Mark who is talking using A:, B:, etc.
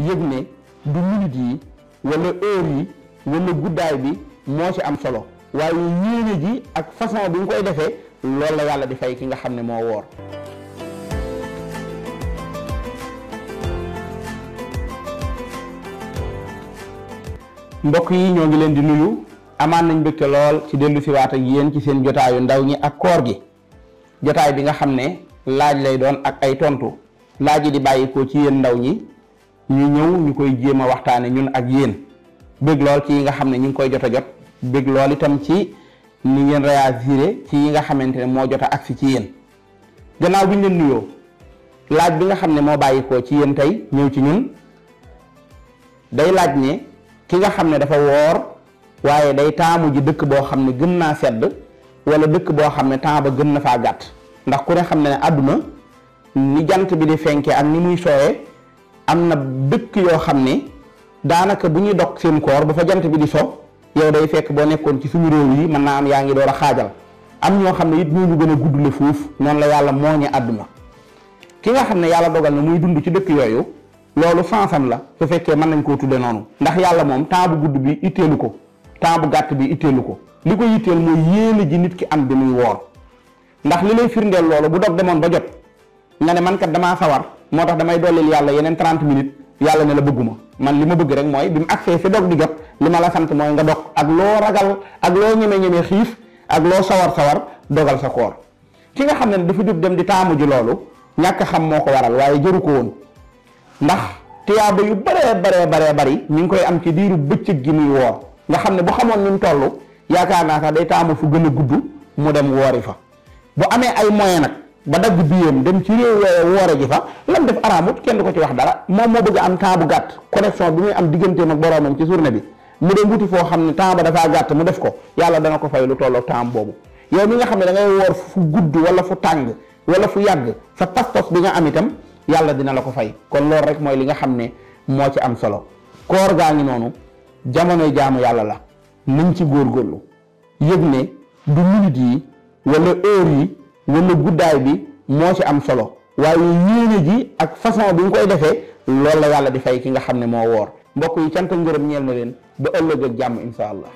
A: yëg ne du minute yi wala heure yi wala guddaay bi moo ci am solo waaye yéene ji ak façon bi nga koy defee loolu la yàlla di fay ki nga xam ne moo woor mbokk yi ñoo ngi leen di nuyu amaan nañ mbégte lool ci dellu si waat ak ci seen jotaayu ndaw ñi ak koor gi jotaay bi nga xam ne laaj lay doon ak ay tontu laaj yi di bàyyikoo ci yéen ndaw ñi ñu ñëw ñu koy jéem a waxtaane ñun ak yéen bëgg lool ci yi nga xam ne ñu ngi koy jot a jot bëgg lool itam ci ni ngeen réagiré ci yi nga xamante ne moo jot a agsi ci yéen gannaaw bi ñu leen nuyoo laaj bi nga xam ne moo bàyyikoo ci yéen tey ñëw ci ñun day laaj ne ki nga xam ne dafa woor waaye day taamu ji dëkk boo xam ne gën naa sedd wala dëkk boo xam ne temps ba gën na faa gàtt ndax ku ne xam ne ne àdduna ni jant bi di fenkee ak ni muy sooyee am na dëkk yoo xam ne daanaka bu ñuy dog seen koor bu fa jant bi di so yow day fekk boo nekkoon ci suñu réew yi mën naa am yaa ngi door a xaajal am ñoo xam ne it ñooñu gën a gudd la fuuf noonu la yàlla mooñe àdduna ki nga xam ne yàlla dogal na muy dund ci dëkk yooyu loolu sansam la su fekkee mën nañ koo tudde noonu ndax yàlla moom temps bu gudd bi itteelu ko temps bu gàtt bi itteelu ko li ko yitteel mooy yéene ji nit ki am bi muy woor ndax li lay firndeel loolu bu dog demoon ba jot nga ne man kat damaa sawar moo tax damay dollil yàlla yeneen 30 minutes yàlla ne la bëgguma man li ma bëgg rek mooy bi mu agsee fi dog di jot li ma la sant mooy nga dog ak loo ragal ak loo ñeme-ñeme xiif ak loo sawar-sawar dogal sa koor ki nga xam ne dafa jóg dem di taamu ji loolu ñàkk xam moo ko waral waaye jëru ko woon ndax tiyaaba yu baree baree bari ñu ngi koy am ci diiru bëccëg gi muy woor nga xam ne bu xamoon ni mu toll yaakaar naa sax day taamu fu gën a gudd mu dem woori fa bu amee ay moyen nag ba dagg biyam dem ci réew yooyu woore ji fa lam def araamut kenn du ko ci wax dara moom moo bëgg am temps bu gàtt connexion bi muy am digganteem ak mu dem wuti foo xam ne temps ba dafaa gàtt mu def ko yàlla dana ko fay lu tolloog temps boobu yow mi nga xam ne da ngay woor fu gudd wala fu tàng wala fu yàgg sa pas-pas bi nga am itam yàlla dina la ko fay kon loolu rek mooy li nga xam ne moo ci am solo koor gaa ngi noonu jamonoy jaamu yàlla la nañ ci góorgóorlu yëg ne du wala guddaay bi moo ci am solo waaye yéene ji ak façon bi nga koy defee loolu la yàlla di fay ki nga xam ne moo woor mbokk yi cant ngërëm ñeel na leen ba ëllëg ak jàmm incha allah